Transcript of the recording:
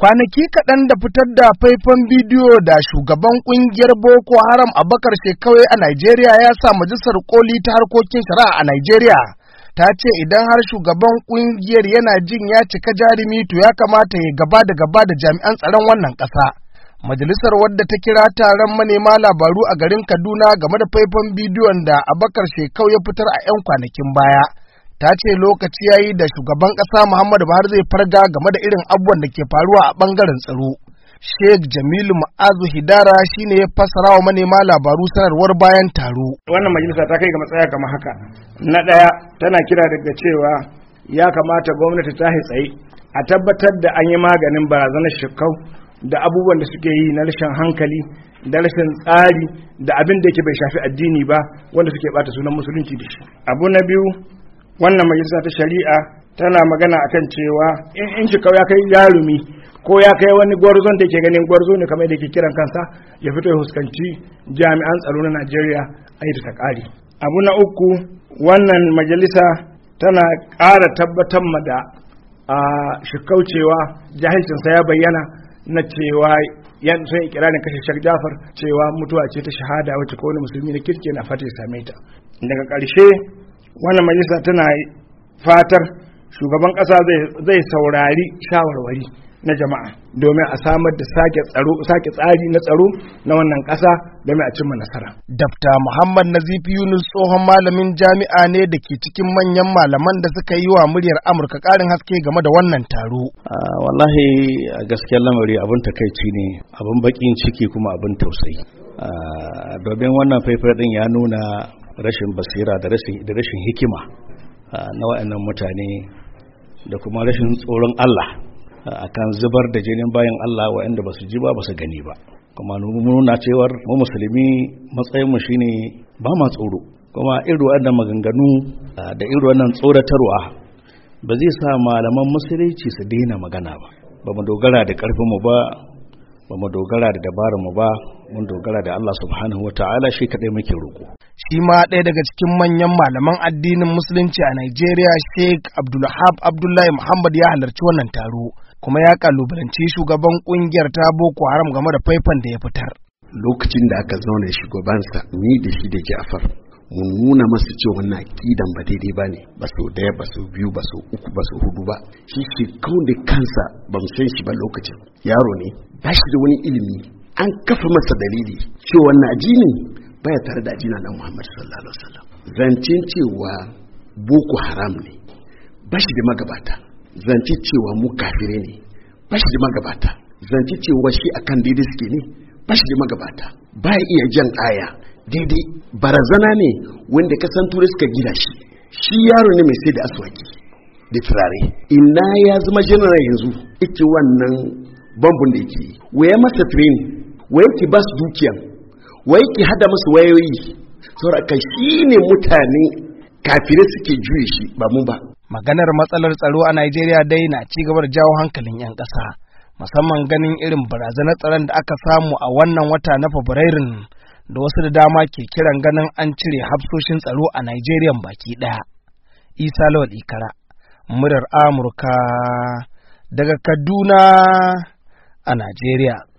kwanaki kaɗan da fitar da faifan bidiyo da shugaban ƙungiyar boko haram a abakar kawai a nigeria ya sa majalisar koli ta harkokin shari'a a nigeria ta ce idan har shugaban ƙungiyar yana jin ya cika jarumi to ya kamata ya gaba da gaba da jami'an tsaron wannan ƙasa majalisar wadda ta kira taron manema labaru a garin kaduna game da faifan bidiyon da abakar shekau ya fitar a 'yan kwanakin baya ta ce lokaci yayi da shugaban ƙasa Muhammadu Buhari zai farga game da irin abubuwan da ke faruwa a ɓangaren tsaro. Sheikh Jamilu Ma'azu Hidara shine ya fassara wa manema labaru sanarwar bayan taro. Wannan majalisa ta kai ga matsaya kama haka. Na ɗaya tana kira daga cewa ya kamata gwamnati ta tsaye a tabbatar da an yi maganin barazanar shekau da abubuwan da suke yi na rashin hankali da rashin tsari da abin da yake bai shafi addini ba wanda suke bata sunan musulunci da shi. Abu na biyu wannan majalisa ta shari'a tana magana akan cewa in shi ya kai yarumi ko ya kai wani gwarzon da ke ganin gwarzo ne kamar da ke kiran kansa ya fito ya huskanci jami'an tsaro na Najeriya a yi ta kare abu na uku wannan majalisa tana ƙara tabbatar ma da a shikaucewa jahilcinsa ya bayyana na cewa yan sun ikirarin kashe Sheikh Jafar cewa mutuwa ce ta shahada wacce kowane musulmi na kirki na fata ya same ta daga ƙarshe wannan majalisa tana fatar shugaban ƙasa zai saurari shawarwari na jama'a domin a samar da sake tsaro tsari na tsaro na wannan ƙasa domin a cimma nasara. Dafta Muhammad Nazif Yunus tsohon malamin jami'a ne da ke cikin manyan malaman da suka yi wa muryar Amurka karin haske game da wannan taro. Wallahi a gaskiyar lamari abin takaici ne abin bakin ciki kuma abin tausayi. Domin wannan faifai din ya nuna rashin basira da rashin da rashin hikima ah, na wayannan mutane da kuma rashin tsoron Allah ah, akan zubar da jinin bayan Allah wa'anda ba su ji ba basu gani ba kuma nuna cewar mu musulmi matsayinmu shine ba ma tsoro kuma irin wannan maganganu ah, da irin wannan tsoratarwa ba zai sa malaman musulunci su daina magana ba ba mu dogara da ƙarfinmu ba ba mu dogara da mu ba mun dogara da Allah subhanahu wa ta'ala shi kaɗai muke roƙo shi ma ɗaya daga cikin manyan malaman addinin musulunci a Najeriya Sheikh Abdulhab Abdullahi Muhammad ya halarci wannan taro kuma ya kalubalanci shugaban kungiyar ta Boko Haram game da faifan da ya fitar. Lokacin da aka zauna shugabansa ni da shi da Ja'far mun nuna masa cewa wannan akidan ba daidai ba ne ba so daya ba so biyu ba so uku ba so hudu ba shi shi da kansa ba mu san shi ba lokacin yaro ne ba shi da wani ilimi an kafa masa dalili cewa na ajini baya tare da ajina na muhammad sallallahu alaihi wasallam zancin cewa boko haram ne bashi da magabata zance cewa mu kafire ne bashi da magabata zance cewa shi akan daidai suke ne bashi da magabata baya iya jan aya daidai barazana ne wanda kasan turai suka gida shi shi yaro ne mai sai da aswaki da turare ina ya zama general yanzu ike wannan bambun da yake waya masa training waya ki ba su dukiyan wai ki hada musu wayoyi saboda shi ne mutane kafirai suke juye shi ba mu ba maganar matsalar tsaro a Najeriya dai na ci gaba da jawo hankalin 'yan ƙasa musamman ganin irin barazanar tsaron da aka samu a wannan wata na Fabrairun da wasu da dama ke kiran ganin an cire hafsoshin tsaro a Najeriya baki ɗaya. Isa Lawal Ikara, murar Amurka daga Kaduna a Najeriya.